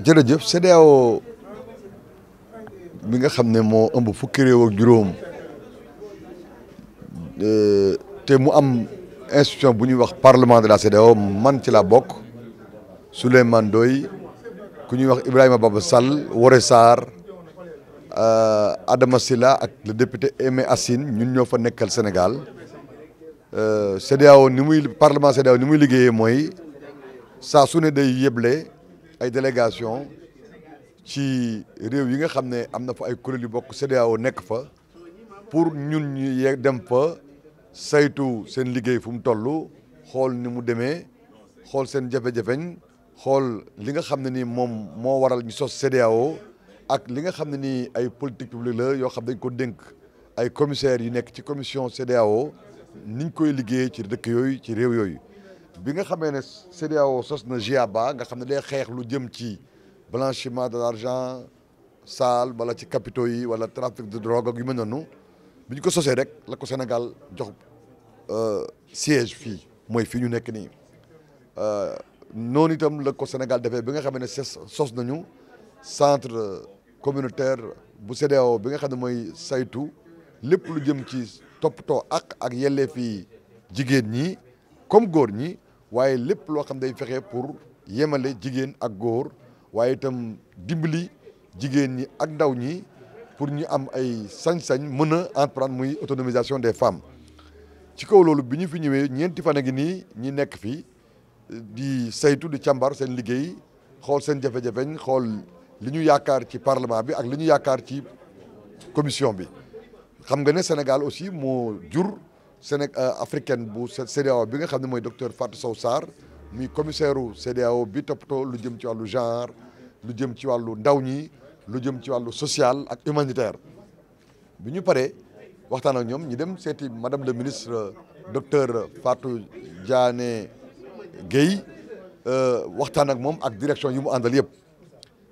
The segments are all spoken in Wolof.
jërëjëf CEDEAO bi nga xam ne moo ëmb fukki réew ak juróom euh, te mu am institution bu ñuy wax parlement de la CEDEAO man ci laa bokk Souleymane Ndoye ku ñuy wax Ibrahima Baba sal Woré Sarr euh, Adama Sylla ak le député Aimé Assine ñu ñoo fa nekkal Sénégal Euh, CEDEAO ni muy parlement CEDEAO ni muy liggéeyee mooy saa su ne day yëble ay délégation ci réew yi nga xam ne am na fa ay kuréel yu bokk CEDEAO nekk fa pour ñun ñu ye dem fa saytu seen liggéey fu mu toll xool ni mu demee xool seen jafe-jafeñ xool li nga xam ne ni moom moo waral ñu sos CEDEAO ak li nga xam ne nii ay politique publique la yoo xam dañ ko dénk ay commissaires yu nekk ci commission CEDEAO niñ koy liggéeyee ci dëkk yooyu ci réew yooyu bi nga xamee ne CEDEAO sos na GIABA nga xam ne day xeex lu jëm ci blanchiment de l'argent sale wala ci capitaux yi wala trafic de drogue ak yu mel noonu bi ñu ko sosee rek la ko Sénégal jox euh, siège fii mooy fii ñu nekk nii euh, noonu itam la ko Sénégal defee bi nga xamee ne sos nañu centre communautaire bu CEDEAO bi nga xam ne mooy saytu lépp lu jëm ci toppatoo ak ak yelleefi jigéen ñi comme góor ñi waaye lépp loo xam day fexe pour yemale jigéen ak góor waaye itam dimbali jigéen ñi ak ndaw ñi pour ñu am ay sañ-sañ mën a entreprendre muy autonomisation des femmes ci kaw loolu bi ñu fi ñëwee ñeenti fan a ngi nii ñi nekk fii di saytu di càmbar seen liggéey xool seen jafe-jafeñ xool li ñu yaakaar ci parlement bi ak li ñu yaakaar ci commission bi xam nga ne Sénégal aussi mu jur Séné euh, africaine bu CEDEAO bi nga xam ne mooy docteur Fatou Sow Sarr muy commissaire u CEDEAO bi toppatoo lu jëm ci wàllu genre lu jëm ci wàllu ndaw ñi lu jëm ci wàllu social ak humanitaire bi ñu paree waxtaan ak ñoom ñu dem seeti madame le ministre euh, docteur Fatou Diané Guèye euh, waxtaan ak moom ak direction yu mu àndal yëpp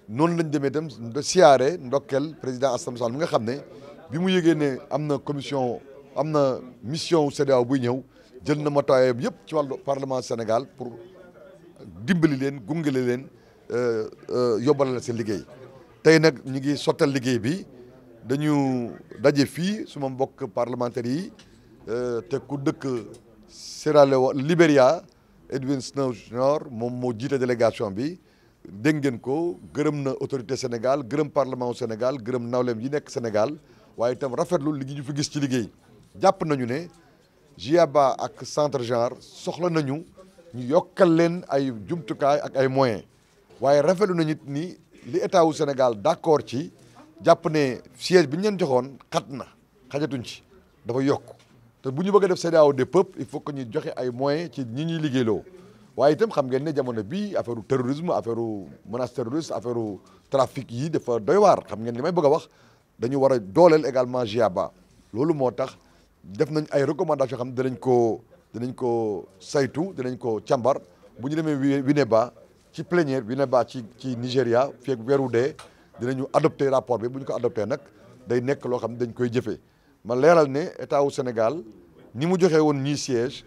noonu lañ demee itam siyaare ndokkel président Assane Sall mi nga xam ne bi mu yëgee ne am na commission am na mission CEDEAO buy ñëw jël na mataayam yëpp ci wàllu parlement Sénégal pour dimbali leen gungale leen euh, euh, yóbbal la seen liggéey tey nag ñu ngi sottal liggéey bi dañu daje fii suma mbokk parlementaires yi euh, te ku dëkk Sierra Leone Libéria Edwin Snow Junior moom moo jiite delegation bi dégg ngeen ko gërëm na autorité Sénégal gërëm parlement Sénégal gërëm nawleem yi nekk Sénégal waaye itam rafetlu li ñu fi gis ci liggéey jàpp nañu ne GIABA ak centre genre soxla nañu ñu yokkal leen ay jumtukaay ak ay moyens waaye rafetlu nañu it ni li état wu Sénégal d'accord ci jàpp ne siège bi ñeen leen joxoon xat na xajatuñ ci dafa yokk te bu ñu bëgg a def CEDEAO des peuples il faut que ñu joxe ay moyens ci ñi ñuy liggéeyloo waaye itam xam ngeen ne jamono bii affaire terrorisme affaire menace terroriste affaire trafic yi dafa doy waar xam ngeen li may bëgg wax. dañu war a dooleel également GIABA loolu moo tax def nañ ay recommandations yoo xam ne danañ ko danañ ko saytu danañ ko cambar bu ñu demee Winneba ci plénière Winneba ci ci Nigéria fii ak weeru dee dinañu adopté rapport bi bu ñu ko adopté nag day nekk loo xam ne dañ koy jëfee ma leeral ne état wu Sénégal ni mu joxee woon ñii siège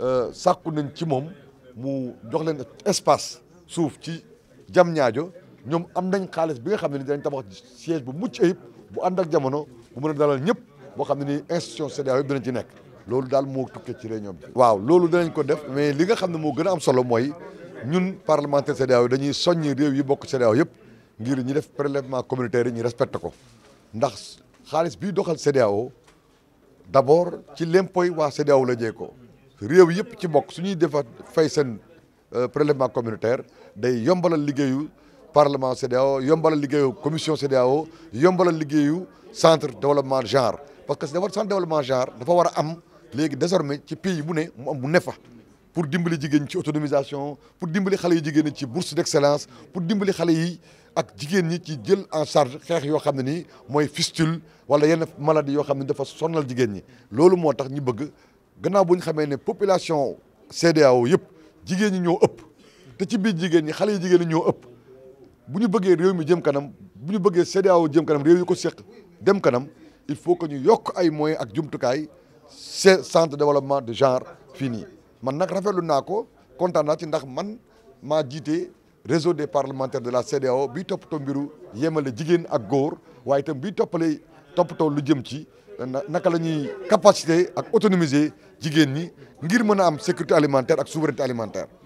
euh, sàkku nañ ci moom mu jox leen espace suuf ci jam ñaajo ñoom am nañ xaalis bi nga xam ne ni dañ tabax siège bu mucc ayib bu ànd ak jamono bu mën a dalal ñëpp boo xam ne ni institution CEDEAO yëpp dinañ ci nekk loolu daal moo tukkee ci réunion bi. waaw loolu danañ ko def mais li nga xam ne moo gën a am solo mooy ñun parlementaire CEDEAO dañuy soññi réew yi bokk CEDEAO yëpp ngir ñi def prélèvement communautaire yi ñu respecté ko ndax xaalis bii doxal CEDEAO d' abord ci lempoy waa CEDEAO la jee ko réew yëpp ci bokk su ñuy fay seen euh, prélèvement communautaire day yombalal liggéeyu. parlement CEDEAO yombalal liggéeyu commission CEDEAO yombalal liggéeyu centre développement genre parce que centre développement genre dafa war a am léegi désormais ci pays bu ne mu am ne fa pour dimbali jigéen ci autonomisation pour dimbali xale yu jigéen ñi ci bourse d'excellence pour dimbali xale yi ak jigéen ñi ci jël en charge xeex yoo xam ne nii mooy fistule wala yenn maladie yoo xam ne dafa sonnal jigéen ñi loolu moo tax ñu bëgg gannaaw bu ñu xamee ne population CEDEAO yëpp jigéen ñi ñoo ëpp te ci biir jigéen ñi xale yu jigéen ñi ñoo ëpp bu ñu bëggee réew mi jëm kanam bu ñu bëggee CEDEAO jëm kanam réew yi ko seq dem kanam il faut que ñu yokk ay moyens ak jumtukaay c'est centre de développement de genre fii nii man nag rafetlu naa ko kontaan naa ci ndax man maa jiite réseau des parlementaires de la CEDEAO bii toppatoo mbiru yemale jigéen ak góor waaye itam bii toppale toppatoo lu jëm ci naka la ñuy capacité ak autonomiser jigéen ñi ngir mën a am sécurité alimentaire ak souveraineté alimentaire